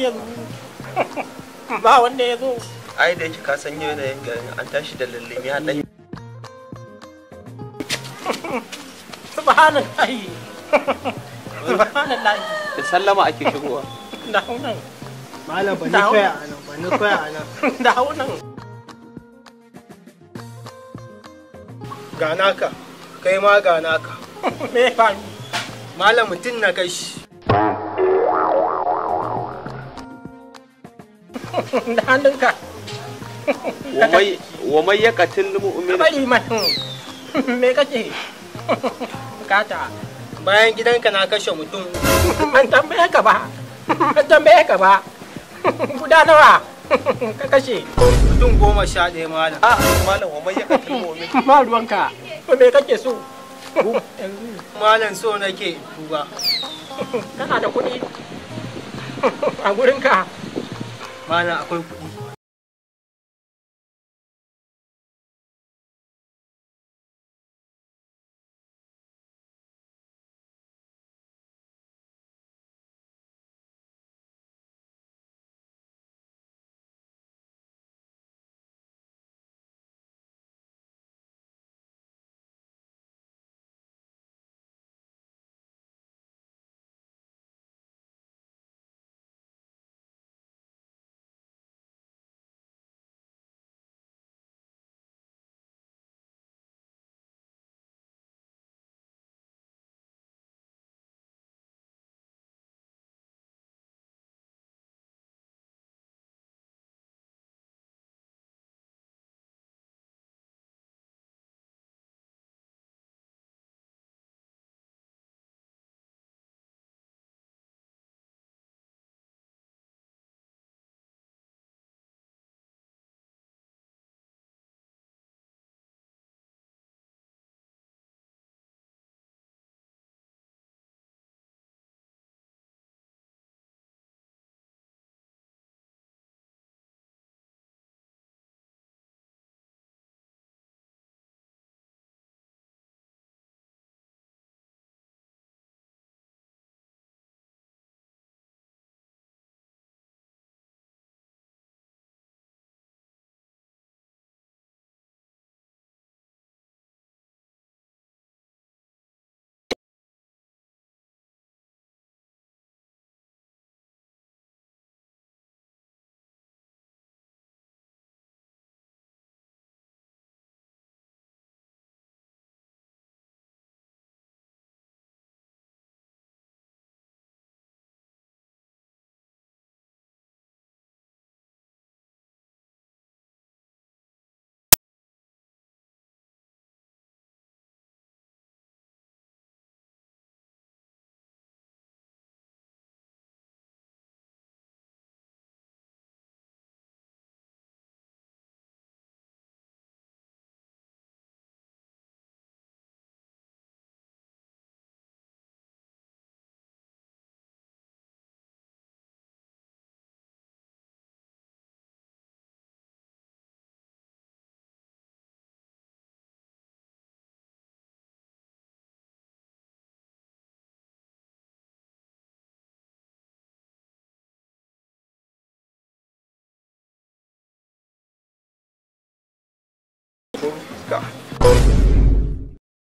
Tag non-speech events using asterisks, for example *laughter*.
yanzu ba wanda ya zo da yake ka san yanayin garin an tashi da ya dan subhanallahi subhanallahi da sallama ake shigowa da malam ba ni koya anan ba ni koya da *laughs* ga naka kai ma ga *laughs* malam mutum na kai shi *laughs* da hannunka wa mai ya katil mu'min bari man me kake bukata bayan gidanka na kashe mutum an tambaye ka ba an tambaye ka ba guda nawa ka kashe mutum goma sha ɗaya malam a ah, malam wa mai ya katil mu'min *laughs* ba ruwanka me kake so malam so nake duba kana da kuɗi a gurinka Mana akwai kuɗi.